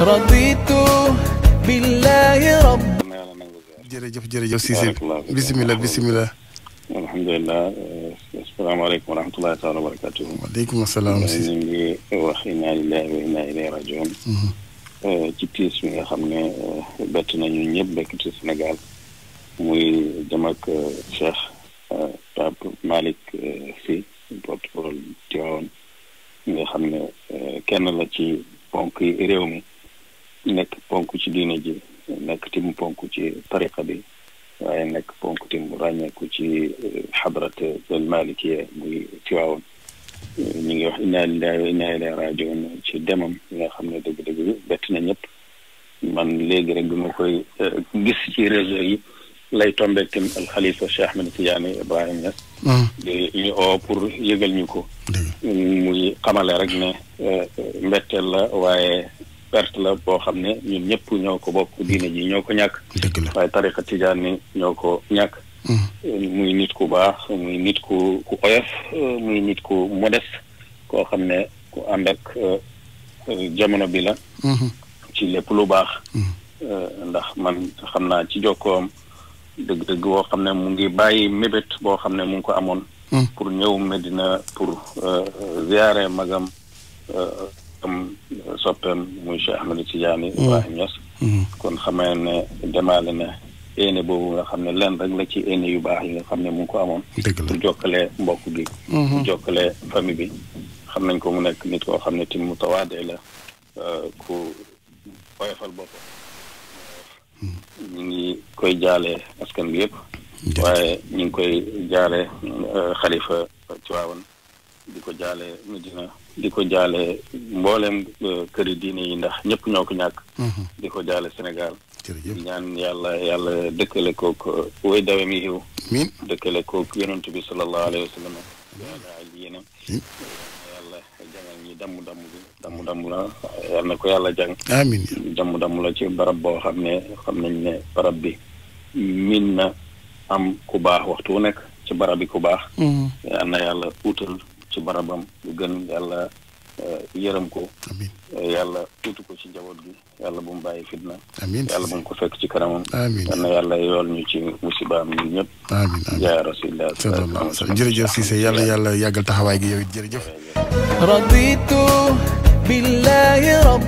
رضيت بالله رب جرجف جرجف سيسي بسم الله بسم الله الحمد لله السلام عليكم ورحمة الله تعالى وبركاته وعليكم السلام سيدي وخينا يعني لله وإنا إليه راجعون جبتي أه، اسمي خمنا أه، باتنا ينيب بكتي سنغال موي جمعك أه، شيخ باب مالك سي بطول ديون خمنا كان لكي بانكي إريومي nekk ponk ci diine ji nekk tim ponk ci tariqa bi waaye nekk ponk tim ràññeeku ci eh, xadrat al malikiya muy tiwaawoon ñu ngi wax inna lillahi wa inna ci demam yi nga xam ne dëgg-dëgg bett na ñëpp man léegi rek bi ma koy eh, gis ci réseau yi lay tombeeg tim alxalifa Cheikh Ahmed Tidiane Ibrahima Niass mm. di ñu oo pour ñu ko muy xamale rek ne eh, mbetteel la waaye perte la boo xam ne ñun ñëpp ñoo ko bokk diine ji ñoo ko ñàkk. dëgg la ko ñàkk. Hmm. muy nit ku baax muy nit ku ku oyof muy nit ku modeste koo xam ne ku ànd ak euh, jamono bi la. Hmm. ci lépp lu baax. Hmm. Euh, ndax man xam naa ci jokkoom dëgg-dëgg boo xam ne mu ngi bàyyi mébét boo xam ne mu ngi ko amoon. pour ñëw Medina pour euh, ziare magam. am uh, soppeem muy ci Ahmed Tidiane mm. Ibrahim Niass mm. kon xamee ne demaale na éene boobu nga xam ne lenn rek la ci éene yu baax yi nga xam ne mu ngi ko amoon pour jokkale mbokk gi mm-hmm. jokkale famille bi xam nañ ko mu nekk nit koo xam ne tim mu tawaadee la uh, ku woyofal boppam mm. ñu ngi koy jaale askan bi yëpp waaye ñu ngi koy jaale uh, xalifa Tiwaawan di ko jaale Medina di ko jaale mbooleem euh, këri diine yi ndax ñëpp ñoo ko ñàkk mhm. di ko jaale Sénégal ñaan yàlla yàlla dëkkale kook euh, way dawe mi xiw dëkkale kook yonent bi sallallahu alayhi wa sallam yàlla ak yéena ñi damm damm bi la yàlla na ko yàlla jàng amiin damm la ci barab boo xam ne xam nañ ne barab bi min na am ku baax waxtu wu nekk ci barab bi ku baax mhm. yàlla na utal ci barabam lu gën yàlla eh, yërëm ko eh, yàlla tuuti ko ci njaboot gi yàlla bu mu bàyyi fitna yàlla bu mu ko fekk ci kanamam yal na yàlla yool ñu ci musibaam ñun ñëpp amiin yaa rasulillah jërëjëf Cissé yàlla yàlla yàggal taxawaay gi yow it jërëjëf raditu billahi rabb